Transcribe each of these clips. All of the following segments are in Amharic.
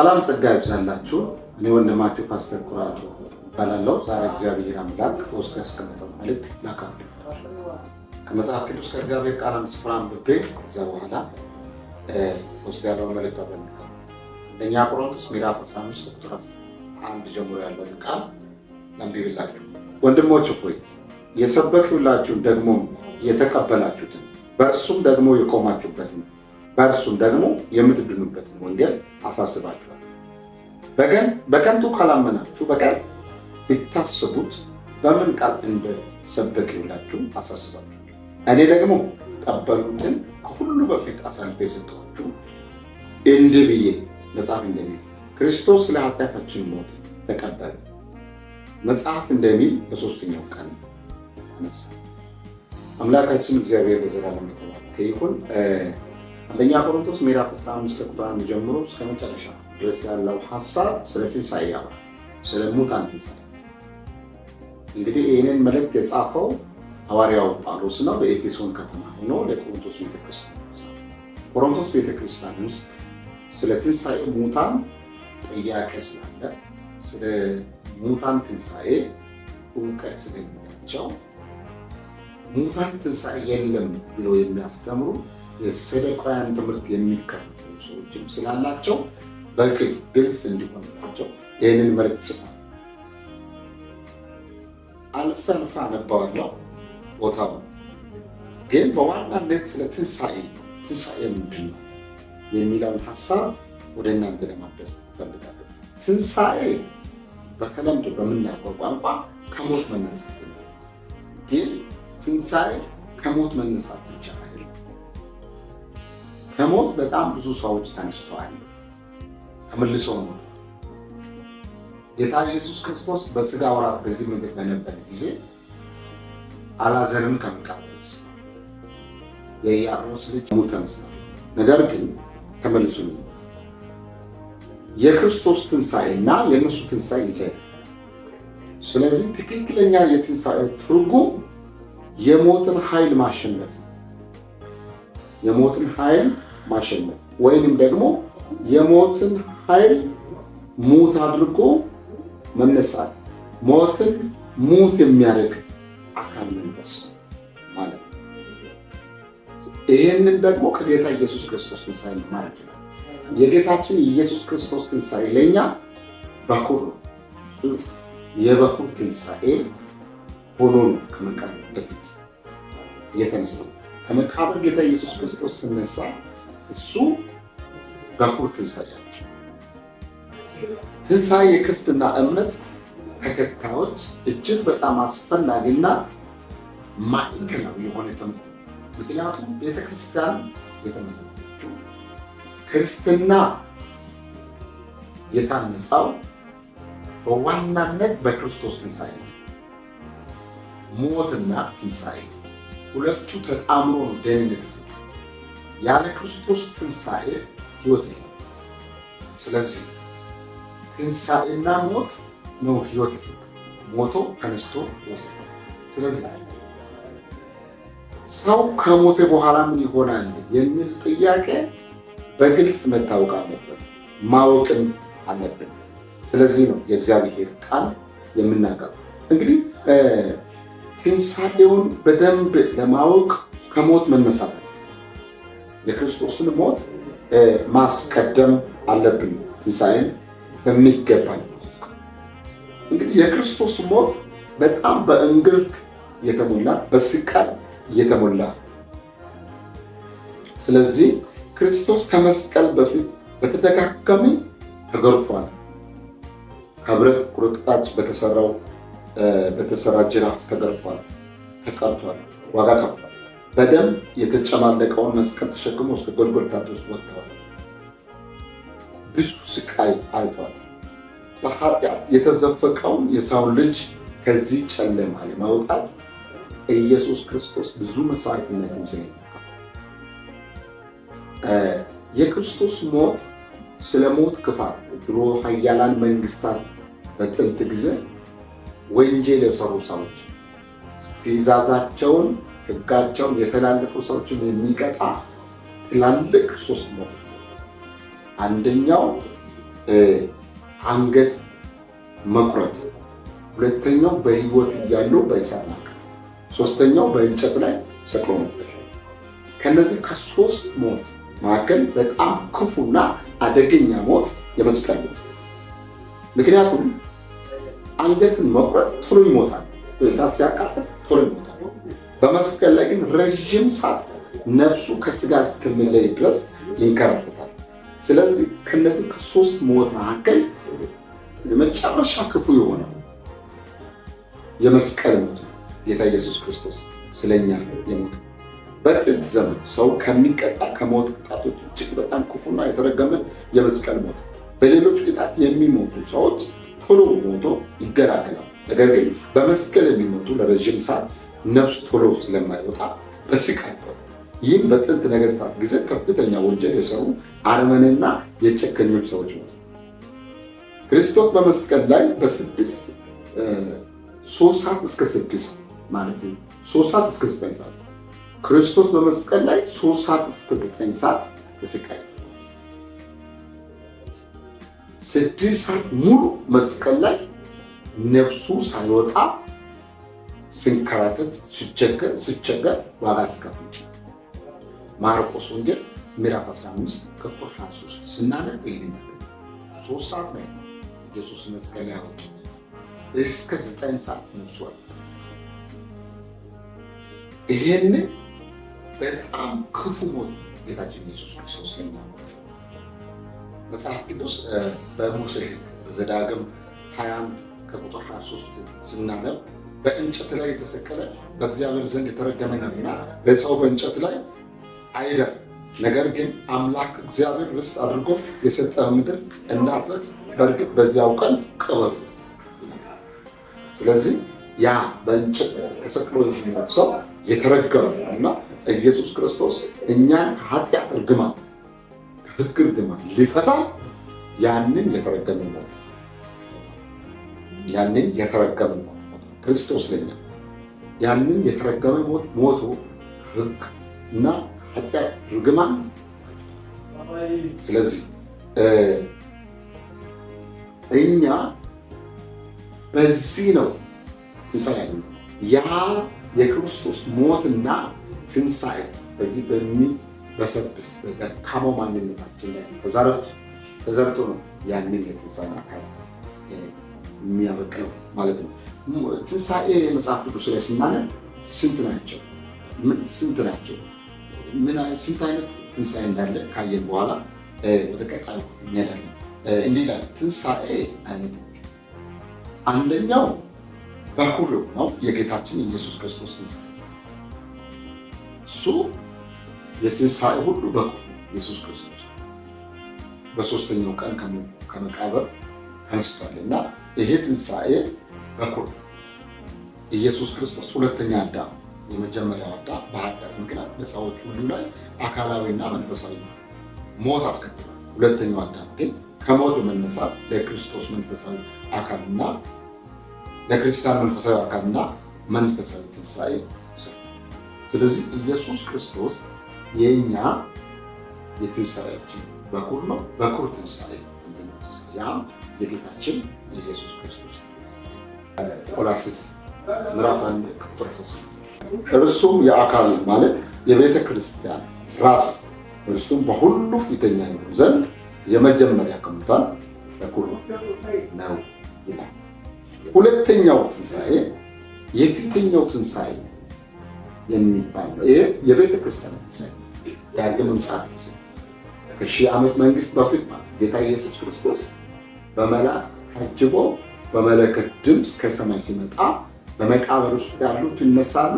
ሰላም ጸጋ ይብዛላችሁ። እኔ ወንድማችሁ ፓስተር ኩራቱ እባላለሁ። ዛሬ እግዚአብሔር አምላክ በውስጥ ያስቀመጠው መልእክት ላካፍል ከመጽሐፍ ቅዱስ ከእግዚአብሔር ቃል አንድ ስፍራ አንብቤ ከዛ በኋላ ውስጥ ያለውን መልእክት አበልቀ አንደኛ ቆሮንቶስ ምዕራፍ 15 ቁጥር አንድ ጀምሮ ያለውን ቃል ለንቢብላችሁ ወንድሞች ሆይ የሰበክሁላችሁን ደግሞ የተቀበላችሁትን በእርሱም ደግሞ የቆማችሁበትን በእርሱም ደግሞ የምትድኑበትን ወንጌል አሳስባችኋል። በከንቱ ካላመናችሁ በቀር ሊታሰቡት በምን ቃል እንደሰበክላችሁ አሳስባችሁ እኔ ደግሞ ቀበሉትን ከሁሉ በፊት አሳልፈ የሰጠኋችሁ እንድ ብዬ መጽሐፍ እንደሚል ክርስቶስ ስለ ኃጢአታችን ሞት ተቀበለ፣ መጽሐፍ እንደሚል በሶስተኛው ቀን ተነሳ። አምላካችን እግዚአብሔር ለዘላለም የተባረከ ይሁን። አንደኛ ቆሮንቶስ ምዕራፍ 15 ቁጥር 1 ጀምሮ እስከ መጨረሻ ድረስ ያለው ሀሳብ ስለ ትንሳኤ ያባ ስለ ሙታን ትንሣኤ። እንግዲህ ይህንን መልእክት የጻፈው ሐዋርያው ጳውሎስ ነው። በኤፌሶን ከተማ ሆኖ ለቆሮንቶስ ቤተክርስቲያን ቆሮንቶስ ቤተክርስቲያን ውስጥ ስለ ትንሳኤ ሙታን ጥያቄ ስላለ ስለ ሙታን ትንሳኤ እውቀት ስለሌላቸው ሙታን ትንሳኤ የለም ብሎ የሚያስተምሩ ሰደቃውያን ትምህርት የሚከፍሉ ሰዎችም ስላላቸው በቅ ግልጽ እንዲሆንላቸው ይህንን መሬት ጽፋ አልፈ አልፋ አነባዋለሁ። ቦታው ግን በዋናነት ስለ ትንሣኤ ትንሣኤ ምንድን ነው የሚለውን ሀሳብ ወደ እናንተ ለማድረስ እፈልጋለሁ። ትንሣኤ በተለምዶ በምናውቀው ቋንቋ ከሞት መነሳት ግን ትንሣኤ ከሞት መነሳት ከሞት በጣም ብዙ ሰዎች ተነስተዋል፣ ተመልሰው ነው። ጌታ ኢየሱስ ክርስቶስ በስጋ ወራት በዚህ ምድር በነበረ ጊዜ አላዘርም ከሚቃጠል የኢያኢሮስ ልጅ ሙት ተነስቷል። ነገር ግን ተመልሱ የክርስቶስ ትንሣኤ እና የእነሱ ትንሣኤ ይለያል። ስለዚህ ትክክለኛ የትንሣኤ ትርጉም የሞትን ኃይል ማሸነፍ የሞትን ኃይል ማሸነፍ ወይንም ደግሞ የሞትን ኃይል ሙት አድርጎ መነሳት፣ ሞትን ሙት የሚያደርግ አካል መንፈስ ማለት ነው። ይህንን ደግሞ ከጌታ ኢየሱስ ክርስቶስ ትንሣኤ ማለት ነው። የጌታችን ኢየሱስ ክርስቶስ ትንሣኤ ለእኛ በኩር የበኩር ትንሳኤ ሆኖ ነው ከመቃብር በፊት የተነሳ ከመቃብር ጌታ ኢየሱስ ክርስቶስ ስነሳ እሱ በኩር ትንሣኤ ናቸው። የክርስትና እምነት ተከታዮች እጅግ በጣም አስፈላጊና ማዕከላዊ የሆነ ትምህርት ምክንያቱም ቤተክርስቲያን የተመሰረተችው ክርስትና የታነጻው በዋናነት በክርስቶስ ትንሣኤ ነው። ሞትና ትንሣኤ ሁለቱ ተጣምሮ ነው ደህንነት ያለ ክርስቶስ ትንሣኤ ሕይወት የለም። ስለዚህ ትንሣኤና ሞት ነው ህይወት የሰጠ ሞቶ ተነስቶ ወሰደ። ስለዚህ ሰው ከሞተ በኋላ ምን ይሆናል የሚል ጥያቄ በግልጽ መታወቅ አለበት፣ ማወቅም አለብን። ስለዚህ ነው የእግዚአብሔር ቃል የምናቀርብ። እንግዲህ ትንሣኤውን በደንብ ለማወቅ ከሞት መነሳት የክርስቶስን ሞት ማስቀደም አለብን ትንሣኤን በሚገባል። እንግዲህ የክርስቶስ ሞት በጣም በእንግልት የተሞላ በስቃል የተሞላ ስለዚህ ክርስቶስ ከመስቀል በፊት በተደጋጋሚ ተገርፏል። ከብረት ቁርጥራጭ በተሰራው በተሰራ ጅራፍ ተገርፏል፣ ተቀርቷል፣ ዋጋ ከፍሏል። በደም የተጨማለቀውን መስቀል ተሸክሞ እስከ ጎልጎልታ ድረስ ወጥተዋል። ብዙ ስቃይ አይቷል። በኃጢአት የተዘፈቀውን የሰው ልጅ ከዚህ ጨለማ ለማውጣት ኢየሱስ ክርስቶስ ብዙ መስዋዕትነትን ስለ የክርስቶስ ሞት ስለ ሞት ክፋት ድሮ ኃያላን መንግስታት በጥንት ጊዜ ወንጀል የሰሩ ሰዎች ትእዛዛቸውን ህጋቸውን የተላለፉ ሰዎችን የሚቀጣ ትላልቅ ሶስት ሞት አንደኛው አንገት መቁረጥ፣ ሁለተኛው በህይወት እያሉ በእሳት ማቃጠል፣ ሶስተኛው በእንጨት ላይ ሰቅሎ ነበር። ከነዚህ ከሶስት ሞት መካከል በጣም ክፉና አደገኛ ሞት የመስቀል ሞት። ምክንያቱም አንገትን መቁረጥ ቶሎ ይሞታል፣ በእሳት ሲያቃጥል ቶሎ ይሞታል። በመስቀል ላይ ግን ረዥም ሰዓት ነፍሱ ከስጋ እስከሚለይ ድረስ ይንከራተታል። ስለዚህ ከነዚህ ከሶስት ሞት መካከል የመጨረሻ ክፉ የሆነ የመስቀል ሞት ጌታ ኢየሱስ ክርስቶስ ስለኛ የሞት በጥንት ዘመን ሰው ከሚቀጣ ከሞት ቅጣቶች እጅግ በጣም ክፉና የተረገመ የመስቀል ሞት። በሌሎች ቅጣት የሚሞቱ ሰዎች ቶሎ ሞቶ ይገላገላል። ነገር ግን በመስቀል የሚሞቱ ለረዥም ሰዓት ነፍስ ቶሎ ስለማይወጣ በስቃይ ይህም በጥንት ነገስታት ጊዜ ከፍተኛ ወንጀል የሰሩ አርመንና የጨከኞች ሰዎች ነው። ክርስቶስ በመስቀል ላይ በስድስት ሶስት ሰዓት እስከ ስድስት ማለት ሶስት ሰዓት እስከ ዘጠኝ ሰዓት ክርስቶስ በመስቀል ላይ ሶስት ሰዓት እስከ ዘጠኝ ሰዓት በስቃይ ስድስት ሰዓት ሙሉ መስቀል ላይ ነፍሱ ሳይወጣ ስንከራተት፣ ስቸገር ስቸገር ዋጋ ስከፍል ማርቆስ ወንጌል ምዕራፍ 15 ከቁጥር 23 ስናነብ ይህን ሶስት ሰዓት ላይ ኢየሱስ መስቀል ላይ ያወጡት እስከ ዘጠኝ ሰዓት ነፍሱ ይህንን በጣም ክፉ ሞት ጌታችን ኢየሱስ ክርስቶስ መጽሐፍ ቅዱስ በሙሴ ሕግ በዘዳግም 21 ከቁጥር 23 ስናነብ በእንጨት ላይ የተሰቀለ በእግዚአብሔር ዘንድ የተረገመ ነውና በሰው በእንጨት ላይ አይደር። ነገር ግን አምላክ እግዚአብሔር ርስት አድርጎ የሰጠ ምድር እናትረት በእርግጥ በዚያው ቀን ቅበሩ። ስለዚህ ያ በእንጨት ተሰቅሎ የሚመት ሰው የተረገመ እና ኢየሱስ ክርስቶስ እኛን ከኃጢአት እርግማ ከሕግ እርግማ ሊፈታ ያንን የተረገመ ያንን የተረገመ ነው። ክርስቶስ ለኛ ያንን የተረገመ ሞቶ ህግ እና ኃጢአት ርግማን። ስለዚህ እኛ በዚህ ነው ትንሣኤ ያ የክርስቶስ ሞትና ትንሣኤ በዚህ በሚበሰብስ በደካማው ማንነታችን ላይ ተዘርጦ ነው ያንን የትንሣኤ አካል የሚያበቅሉ ማለት ነው። ትንሣኤ የመጽሐፍ ቅዱስ ላይ ስናነብ ስንት ናቸው ስንት ናቸው ስንት አይነት ትንሣኤ እንዳለ ካየን በኋላ ወደ ቀጣዩ እንሄዳለን። እንዲህ ይላል ትንሣኤ አይነቶች፣ አንደኛው በኩር ነው የጌታችን ኢየሱስ ክርስቶስ ትንሣኤ። እሱ የትንሣኤ ሁሉ በኩር ኢየሱስ ክርስቶስ በሶስተኛው ቀን ከመቃብር ተነስቷል እና ይሄ ትንሣኤ በኩል ኢየሱስ ክርስቶስ ሁለተኛ አዳም፣ የመጀመሪያው አዳም በኃጢአት ምክንያት በሰዎች ሁሉ ላይ አካላዊና መንፈሳዊ ሞት አስከትሏል። ሁለተኛው አዳም ግን ከሞት በመነሳት ለክርስቶስ መንፈሳዊ አካልና ለክርስቲያን መንፈሳዊ አካልና መንፈሳዊ ትንሣኤ። ስለዚህ ኢየሱስ ክርስቶስ የእኛ የትንሣኤያችን በኩር ነው። በኩር ትንሣኤ ያ የጌታችን የኢየሱስ ክርስቶስ ቆላስስ ምዕራፍ አንድ ቁጥር እርሱም የአካሉ ማለት የቤተ ክርስቲያን ራሱ እርሱም በሁሉ ፊተኛ ይሆን ዘንድ የመጀመሪያ ከሙታን በኩር ነው ይላል። ሁለተኛው ትንሣኤ የፊተኛው ትንሣኤ የሚባል ነው። ይህ የቤተ ክርስቲያን ትንሣኤ ዳግም ምጽአት ከሺህ ዓመት መንግስት በፊት ማለት ጌታ ኢየሱስ ክርስቶስ በመላክ ታጅቦ በመለከት ድምፅ ከሰማይ ሲመጣ በመቃብር ውስጥ ያሉት ይነሳሉ፣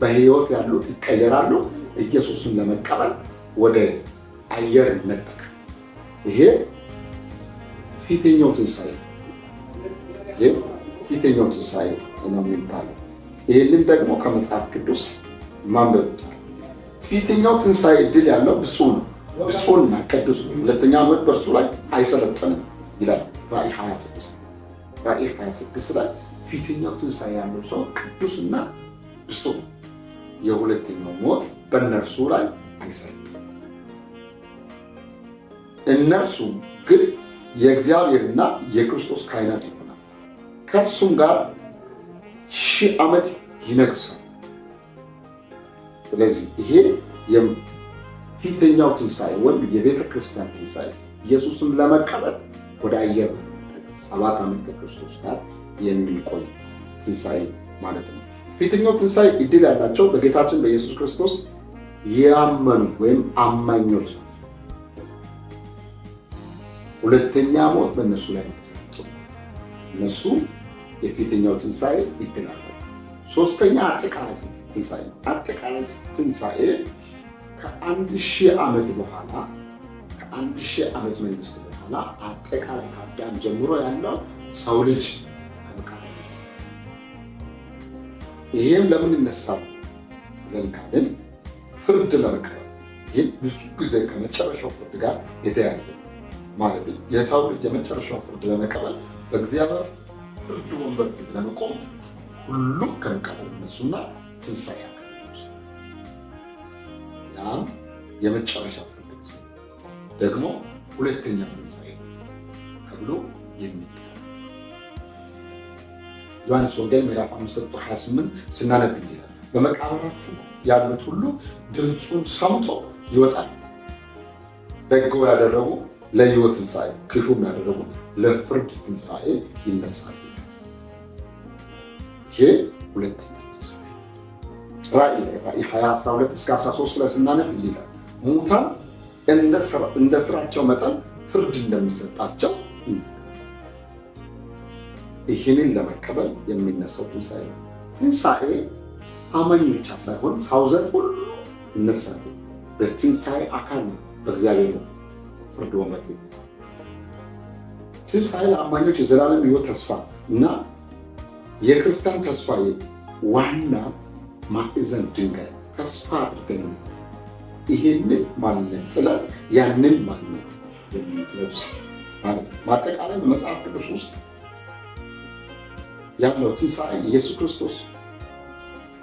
በህይወት ያሉት ይቀየራሉ። ኢየሱስን ለመቀበል ወደ አየር ይነጠቅ። ይሄ ፊተኛው ትንሳኤ ይህ ፊተኛው ትንሳኤ ነው የሚባለው። ይህንን ደግሞ ከመጽሐፍ ቅዱስ ማንበብ ፊተኛው ትንሳኤ ድል ያለው ብፁ ነው፣ ብፁና ቅዱስ ነው። ሁለተኛ ዓመት በእርሱ ላይ አይሰለጥንም ይላል። ራእይ 26 ራእይ 26 ላይ ፊተኛው ትንሣኤ ያለው ሰው ቅዱስና ብፁዕ የሁለተኛው ሞት በእነርሱ ላይ አይሰልጥም። እነርሱም ግን የእግዚአብሔርና የክርስቶስ ካህናት ይሆናል፣ ከእርሱም ጋር ሺህ ዓመት ይነግሳል። ስለዚህ ይሄ ፊተኛው ትንሣኤ ወይም የቤተ ክርስቲያን ትንሣኤ ኢየሱስም ለመቀበል ወደ አየር ሰባት ዓመት ከክርስቶስ ጋር የሚቆይ ትንሣኤ ማለት ነው። ፊተኛው ትንሣኤ እድል ያላቸው በጌታችን በኢየሱስ ክርስቶስ ያመኑ ወይም አማኞች። ሁለተኛ ሞት በእነሱ ላይ ተሰጥቶ እነሱ የፊተኛው ትንሣኤ እድል አላቸው። ሶስተኛ አጠቃላይ ትንሣኤ ነው። አጠቃላይ ትንሣኤ ከአንድ ሺህ ዓመት በኋላ ከአንድ ሺህ ዓመት መንግስት በኋላ አጠቃላይ ከአዳም ጀምሮ ያለው ሰው ልጅ ይህም ለምን ይነሳል ብለን ካልን ፍርድ ለመቅረብ ይህም ብዙ ጊዜ ከመጨረሻው ፍርድ ጋር የተያያዘ ማለት የሰው ልጅ የመጨረሻው ፍርድ ለመቀበል በእግዚአብሔር ፍርድ ወንበር ፊት ለመቆም ሁሉም ከመቃጠል እነሱና ትንሣኤ ያም የመጨረሻ ፍርድ ጊዜ ደግሞ ሁለተኛ ትንሳ ተብሎ የሚጠራ ዮሐንስ ወንጌል ምዕራፍ 5 ቁጥር 28 ስናነብ ይላል በመቃብራችሁ ያሉት ሁሉ ድምፁን ሰምቶ ይወጣል። በጎ ያደረጉ ለህይወት ትንሣኤ፣ ክፉም ያደረጉ ለፍርድ ትንሣኤ ይነሳሉ። ይሄ ሁለተኛ ትንሣኤ ራእይ ራእይ 12 እስከ 13 ላይ ስናነብ ይላል ሙታን እንደ ስራቸው መጠን ፍርድ እንደሚሰጣቸው ይህንን ለመቀበል የሚነሳው ትንሣኤ ነው። ትንሣኤ አማኝ ብቻ ሳይሆን ሳውዘር ሁሉ ይነሳሉ። በትንሣኤ አካል ነው። በእግዚአብሔር ነው ፍርድ ወንበር ትንሣኤ ለአማኞች የዘላለም ሕይወት ተስፋ እና የክርስቲያን ተስፋ ዋና ማዕዘን ድንጋይ ተስፋ አድርገን ይህንን ማንነት ጥለን ያንን ማንነት የሚለብስ ማለት ነው። ማጠቃላይ በመጽሐፍ ቅዱስ ውስጥ ያለው ትንሣኤ ኢየሱስ ክርስቶስ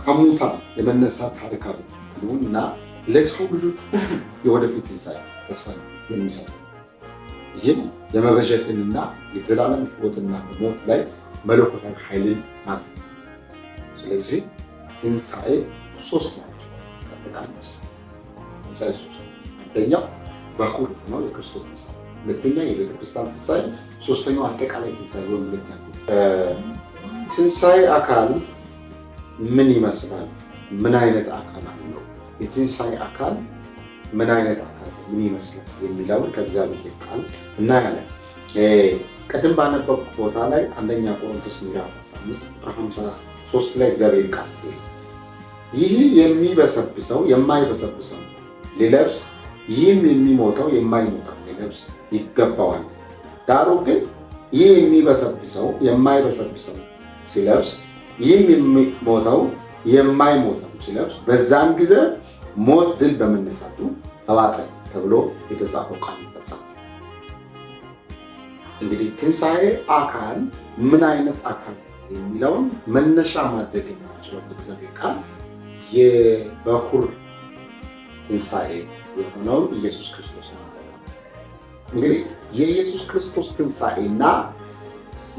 ከሙታን የመነሳት ታሪክ ነው እና ለሰው ልጆች የወደፊት ትንሣኤ ተስፋ የሚሰጡ ይህም የመበጀትንና የዘላለም ሕይወትና ሞት ላይ መለኮታዊ ኃይልን ማለት ነው። ስለዚህ ትንሣኤ ሶስት ናቸው። ትንሣኤ ሶስት አንደኛው በኩር ነው የክርስቶስ ትንሣኤ፣ ሁለተኛ የቤተክርስቲያን ትንሣኤ፣ ሶስተኛው አጠቃላይ ትንሣኤ ወይም ሁለተኛ ትንሣኤ የትንሣኤ አካል ምን ይመስላል? ምን አይነት አካል አለው? የትንሣኤ አካል ምን አይነት አካል ምን ይመስላል የሚለውን ከእግዚአብሔር ቃል እናያለን። ቅድም ባነበብኩ ቦታ ላይ አንደኛ ቆሮንቶስ ምዕራፍ 15 ቁጥር 53 ላይ እግዚአብሔር ቃል ይህ የሚበሰብሰው የማይበሰብሰው ሊለብስ ይህም የሚሞተው የማይሞተው ሊለብስ ይገባዋል። ዳሩ ግን ይህ የሚበሰብሰው የማይበሰብሰው ሲለብስ ይህም የሚሞተው የማይሞተው ሲለብስ በዛን ጊዜ ሞት ድል በመነሳቱ ተዋጠ ተብሎ የተጻፈው ቃል ይፈጸማል። እንግዲህ ትንሣኤ አካል ምን አይነት አካል የሚለውን መነሻ ማድረግ የሚችለው በእግዚአብሔር ቃል የበኩር ትንሣኤ የሆነውን ኢየሱስ ክርስቶስ ነው። እንግዲህ የኢየሱስ ክርስቶስ ትንሣኤና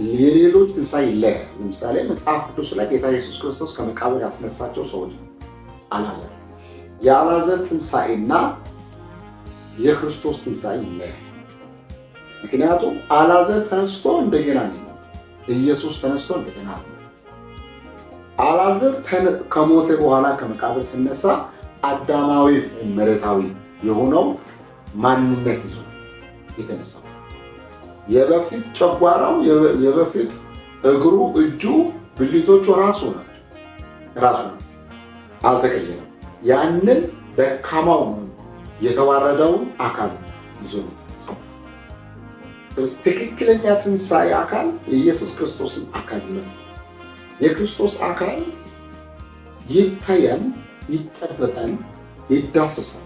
የሌሎች ትንሳ ይለያል። ለምሳሌ መጽሐፍ ቅዱስ ላይ ጌታ ኢየሱስ ክርስቶስ ከመቃብር ያስነሳቸው ሰዎች አላዘር የአላዘር ትንሣኤና የክርስቶስ ትንሣኤ ይለያል። ምክንያቱም አላዘር ተነስቶ እንደገና ነው፣ ኢየሱስ ተነስቶ እንደገና ነው። ከሞተ በኋላ ከመቃብር ሲነሳ አዳማዊ መሬታዊ የሆነው ማንነት ይዞ የተነሳው የበፊት ጨጓራው፣ የበፊት እግሩ፣ እጁ፣ ብልቶቹ ራሱ ናቸው ራሱ አልተቀየረም። ያንን ደካማው የተዋረደውን አካል ይዞ ነው። ትክክለኛ ትንሣኤ አካል የኢየሱስ ክርስቶስን አካል ይመስል የክርስቶስ አካል ይታያል፣ ይጨበጣል፣ ይዳሰሳል።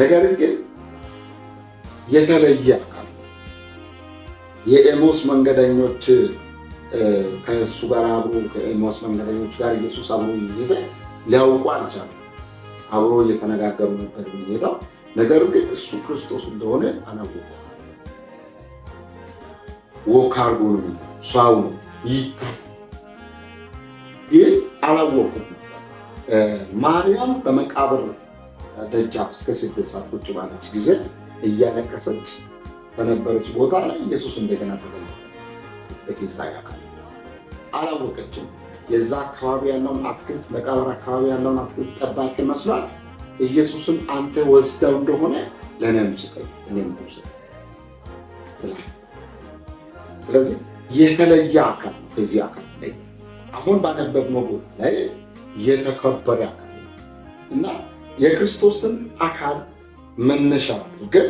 ነገር ግን የተለየ የኤሞስ መንገደኞች ከእሱ ጋር አብሮ ከኤሞስ መንገደኞች ጋር ኢየሱስ አብሮ እየሄደ ሊያውቁ አልቻሉ። አብሮ እየተነጋገሩ ነበር የሚሄደው፣ ነገር ግን እሱ ክርስቶስ እንደሆነ አላወቁ። ወካርጎ ነው ሰው ይታይ፣ ግን አላወቁም። ማርያም በመቃብር ደጃፍ እስከ ስድስት ሰዓት ቁጭ ባለች ጊዜ እያለቀሰች በነበረች ቦታ ላይ ኢየሱስ እንደገና ተገለጠ በትንሣኤ አካል። አላወቀችም። የዛ አካባቢ ያለውን አትክልት፣ መቃብር አካባቢ ያለውን አትክልት ጠባቂ መስሏት ኢየሱስን አንተ ወስደው እንደሆነ ለእኔም ስጠኝ እኔም ስጠኝ ብላ ስለዚህ የተለየ አካል ነው። ከዚህ አካል ላይ አሁን ባነበብነው ቦታ ላይ የተከበረ አካል እና የክርስቶስን አካል መነሻ ግን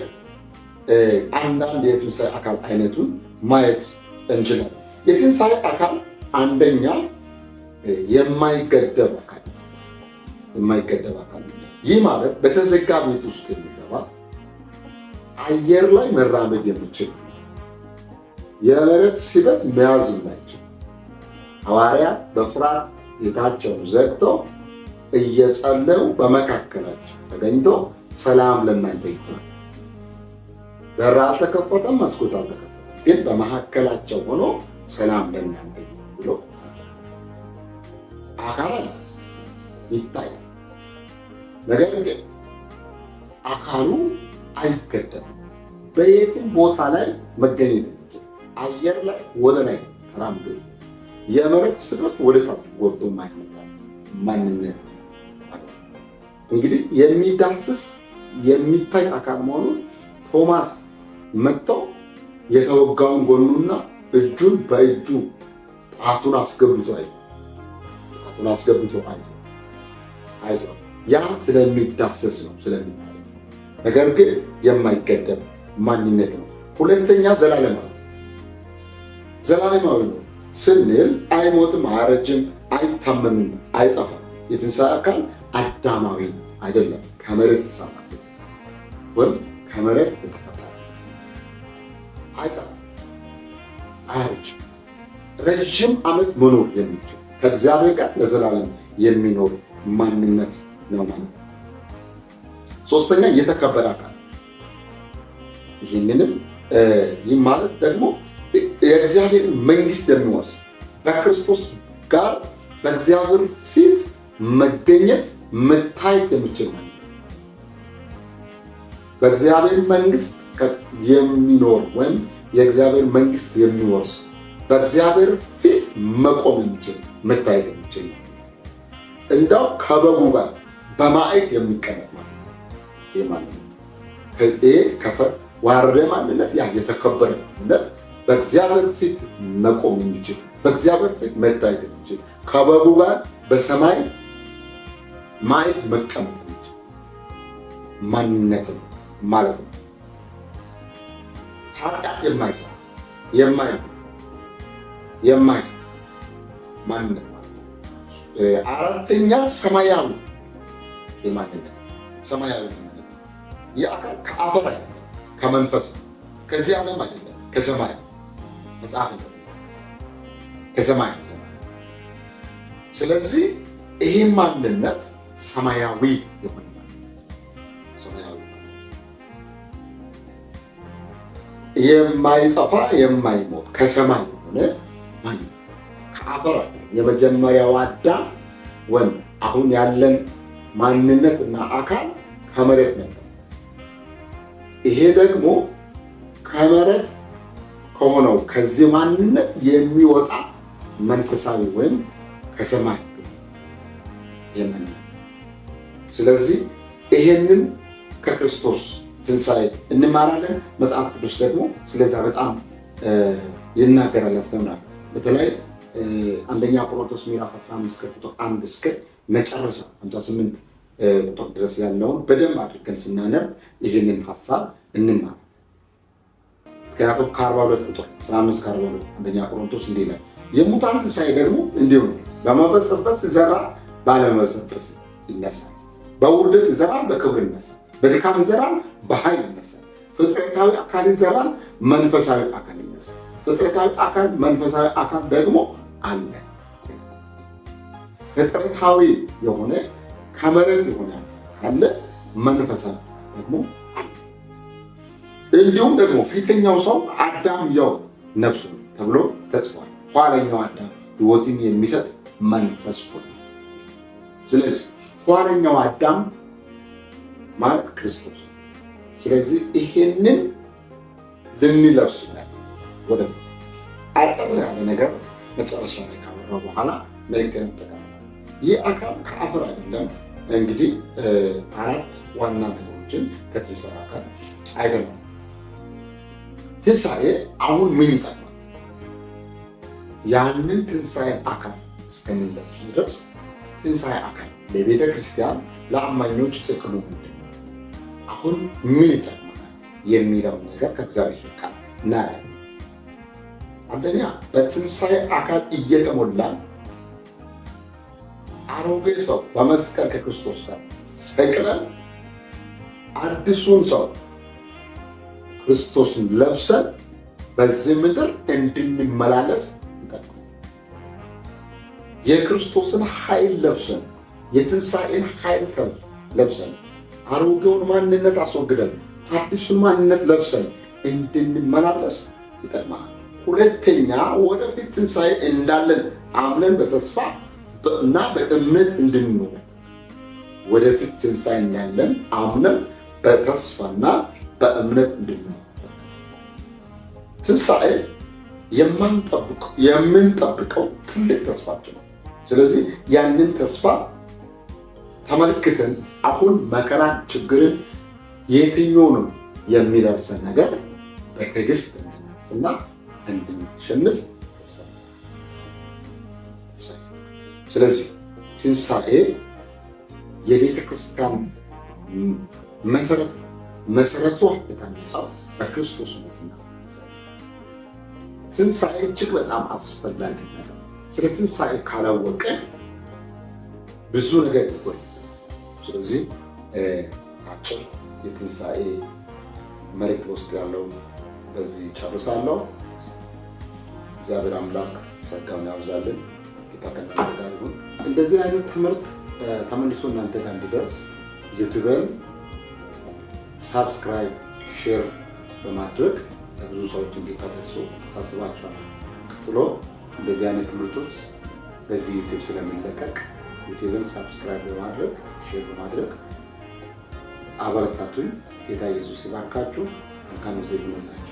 አንዳንድ የትንሣኤ አካል አይነቱን ማየት እንችላለን። የትንሳ አካል አንደኛ የማይገደብ አካል የማይገደብ አካል ይህ ማለት በተዘጋ ቤት ውስጥ የሚገባ አየር ላይ መራመድ የሚችል የመሬት ሲበት መያዝ የማይችል ሐዋርያት በፍርሃት ቤታቸውን ዘግተው እየጸለዩ በመካከላቸው ተገኝቶ ሰላም ለእናንተ ይሆናል በር አልተከፈተም፣ መስኮት አልተከፈተም፣ ግን በመካከላቸው ሆኖ ሰላም ለእናንተ ብሎ አካል አለ ይታያል። ነገር ግን አካሉ አይገደምም። በየትም ቦታ ላይ መገኘት አየር ላይ ወደ ላይ ተራምዶ የመሬት ስበት ወደ ታች ወርዶ ማይመጣ ማንነት እንግዲህ የሚዳስስ የሚታይ አካል መሆኑን ቶማስ መጥቶ የተወጋውን ጎኑና እጁን በእጁ ጣቱን አስገብቶ አይ ጣቱን አስገብቶ አይ አይ ያ ስለሚዳሰስ ነው ስለሚታይ ነገር ግን የማይገደብ ማንነት ነው። ሁለተኛ ዘላለማዊ ዘላለማዊ ነው ስንል አይሞትም፣ አያረጅም፣ አይታመምም፣ አይጠፋም። የትንሣኤ አካል አዳማዊ አይደለም ከመሬት ተሳ ወይም ከመሬት የተፈጠረ አይጠፋም፣ አያረጅም፣ ረዥም ዓመት መኖር የሚችል ከእግዚአብሔር ጋር ለዘላለም የሚኖር ማንነት ነው ማለት ነው። ሶስተኛ የተከበረ አካል ይህንንም ይህ ማለት ደግሞ የእግዚአብሔር መንግስት የሚወርስ በክርስቶስ ጋር በእግዚአብሔር ፊት መገኘት መታየት የሚችል ማለት በእግዚአብሔር መንግስት የሚኖር ወይም የእግዚአብሔር መንግስት የሚወርስ በእግዚአብሔር ፊት መቆም የሚችል መታየት የሚችል ነው። እንዳው ከበጉ ጋር በማየት የሚቀመጥ ማለት ይህ ማንነት ይሄ ከፈር ዋረ ማንነት ያ የተከበረ ማንነት በእግዚአብሔር ፊት መቆም የሚችል በእግዚአብሔር ፊት መታየት የሚችል ከበጉ ጋር በሰማይ ማየት መቀመጥ የሚችል ማንነት ነው። ማለት ነው። ኃጢአት የማይሰራ የማይሞት የማይ ማንነት ማለት አራተኛ ሰማያዊ የማንነት ሰማያዊ የአካል ከአፈር አይደለም፣ ከመንፈስ ከዚህ ዓለም አይደለም፣ ከሰማይ መጽሐፍ ከሰማይ ስለዚህ ይሄ ማንነት ሰማያዊ የሆነ የማይጠፋ የማይሞት ከሰማይ ሆነ ማን ከአፈር የመጀመሪያው አዳም ወንድ አሁን ያለን ማንነት እና አካል ከመሬት ነበር። ይሄ ደግሞ ከመሬት ከሆነው ከዚህ ማንነት የሚወጣ መንፈሳዊ ወይም ከሰማይ የምን ስለዚህ ይሄንን ከክርስቶስ ትንሣኤ እንማራለን። መጽሐፍ ቅዱስ ደግሞ ስለዛ በጣም ይናገራል፣ ያስተምራል። በተለይ አንደኛ ቆሮንቶስ ምዕራፍ 15 ቁጥር አንድ እስከ መጨረሻ 58 ቁጥር ድረስ ያለውን በደንብ አድርገን ስናነብ ይህንን ሀሳብ እንማር። ምክንያቱም ከ42 ቁጥር 15 42 አንደኛ ቆሮንቶስ እንዲህ ይላል፣ የሙታን ትንሣኤ ደግሞ እንዲሁ በመበሰበስ ዘራ ባለመበሰበስ ይነሳል፣ በውርደት ዘራ በክብር ይነሳል። በድካም እንዘራን፣ በኃይል ይነሳል። ፍጥረታዊ አካል ይዘራል፣ መንፈሳዊ አካል ይነሳል። ፍጥረታዊ አካል መንፈሳዊ አካል ደግሞ አለ። ፍጥረታዊ የሆነ ከመሬት የሆነ አለ፣ መንፈሳዊ ደግሞ አለ። እንዲሁም ደግሞ ፊተኛው ሰው አዳም ያው ነፍሱ ተብሎ ተጽፏል። ኋለኛው አዳም ህይወትን የሚሰጥ መንፈስ ሆነ። ስለዚህ ኋለኛው አዳም ማለት ክርስቶስ። ስለዚህ ይሄንን ልንለብሱናል ወደፊት አጠር ያለ ነገር መጨረሻ ላይ ካበራ በኋላ መልእክቴን እጠቀማለሁ። ይህ አካል ከአፈር አይደለም። እንግዲህ አራት ዋና ነገሮችን ከትንሣኤ አካል አይደለም። ትንሳኤ አሁን ምን ይጠቅማል? ያንን ትንሳኤ አካል እስከምንለብሱ ድረስ ትንሳኤ አካል ለቤተ ክርስቲያን ለአማኞች ጥቅሉ ነው። አሁን ምን ይጠቅማል የሚለው ነገር ከእግዚአብሔር ቃል እናያለን። አንደኛ በትንሣኤ አካል እየተሞላን አሮጌ ሰው በመስቀል ከክርስቶስ ጋር ሰቅለን አዲሱን ሰው ክርስቶስን ለብሰን በዚህ ምድር እንድንመላለስ ይጠቅማል። የክርስቶስን ኃይል ለብሰን የትንሣኤን ኃይል ለብሰን አሮጌውን ማንነት አስወግደን አዲሱን ማንነት ለብሰን እንድንመላለስ ይጠቅማል። ሁለተኛ ወደፊት ትንሣኤ እንዳለን አምነን በተስፋ እና በእምነት እንድንኖር ወደፊት ትንሣኤ እንዳለን አምነን በተስፋና በእምነት እንድንኖር ትንሣኤ የምንጠብቀው ትልቅ ተስፋችን ነው። ስለዚህ ያንን ተስፋ ተመልክተን አሁን መከራን፣ ችግርን የትኛውንም የሚደርሰን ነገር በትዕግስት እንድናልፍና እንድንሸንፍ ስለዚህ ትንሣኤ የቤተ ክርስቲያን መሰረት መሰረቷ የተነሳው በክርስቶስ ሞትና ትንሣኤ እጅግ በጣም አስፈላጊ ነገር። ስለ ትንሣኤ ካላወቀ ብዙ ነገር ይጎል ስለዚህ አጭር የትንሣኤ መልእክት ውስጥ ያለው በዚህ ጨርሳለሁ። እግዚአብሔር አምላክ ጸጋውን ያብዛልን። ጌታ ጋር ይሁን። እንደዚህ አይነት ትምህርት ተመልሶ እናንተ ጋር እንዲደርስ ዩቱብን ሳብስክራይብ፣ ሼር በማድረግ ለብዙ ሰዎች እንዲታደርሱ ሳስባችኋል። ቀጥሎ እንደዚህ አይነት ትምህርቶች በዚህ ዩቲዩብ ስለሚለቀቅ ዩቲዩብን ሳብስክራይብ በማድረግ ሼር በማድረግ አበረታቱኝ። ጌታ ኢየሱስ ይባርካችሁ። መልካም ጊዜ ይሆንላችሁ።